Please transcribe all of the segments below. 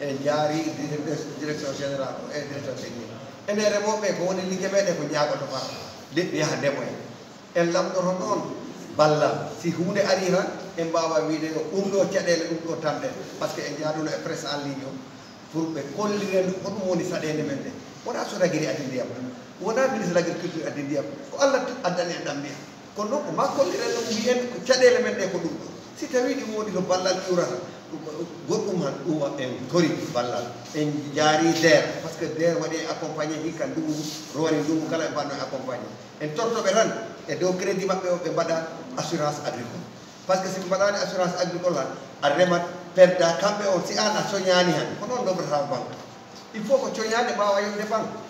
e jaari direction général o e direction technique enen remoɓe ko woni ligge meɗen ko ñaagoto far leɗɗi yaha ndemo en en lamɗoto noon ballal si hunde ari tan en mbawa wiide yo ɗum ɗo caɗele ɗum ɗo tamɗen par ce que en jaaduno e presse en ligne o pour ɓe kolliren hoɗum woni saɗede men nde wona sodagiri addi ndiyam wona ministre de l' agriculture addi ndiyam ko allah addani en ɗam ndiya kono noon ko ma kolliren ɗum wiyen ko caɗele men ɗe ko ɗum si tawi di modi to ballal iwrata Gua umat uwa en tori balla en jari der parce que der wadi accompagner ikan dulu, dum roori dum kala ba no accompagner en torto be ran e do credit mabbe o be bada assurance agricole parce que si be bada assurance agricole lan a remat perda kambe o si ana so nyani han ko non do be ta bank il faut ko choyane ba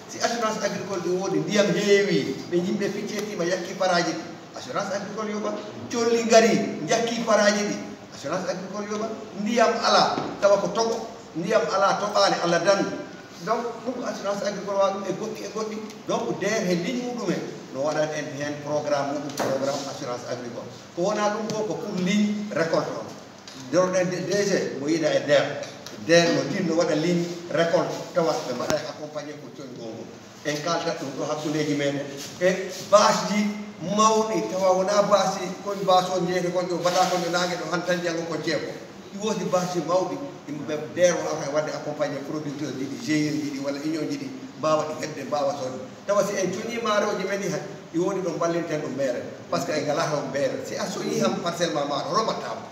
si assurance agricole do wodi diam heewi be yimbe fitieti ma yakki paraji assurance agricole yoba cholli gari yakki di assurance ak ko yoba ndiyam ala tawa ko togo ndiyam ala to ala ala dan donc ko assurance ak ko wa e goddi e goddi donc der he li mudum e no wada en hen programme mudum programme assurance agricole ko wona dum ko ko pour ligne récolte donc den dg mo yida e der der no wada ligne récolte tawa be ma accompagner ko ton gongo en cas ta ko hakku leji men e mawɗi tawa wona basi koye bas o jeeke gonɗo mbaɗa kono nange ɗo han tan janggo ko jeego ɗi woodi basi mawɗi yimɓeɓe deero aka wadde accompagné producteur ji ɗi GIE ji ɗi walla union ji ɗi mbawa ɗi hedde mbawa soñde tawa si en coñi maaroji men ɗi han ɗi woni ɗo ballinten ɗo mbeere par ce que en ngala hen mbeere si a soñi han parcelle ma maɗo romattama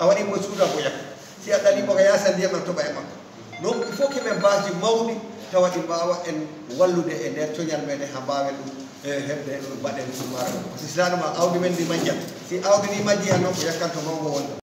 a waɗi mo suuda ko yakko si a ɗali ko yasa ndiyam en toɓa e makko donc il faut que men basi mawɗi tawa ɗi mbawa en wallude e nder coñal meɗen ha mbawen ɗum Eh, si selalu mak audio main di majak. Si audio di majak, nak kira kan kamu bawa.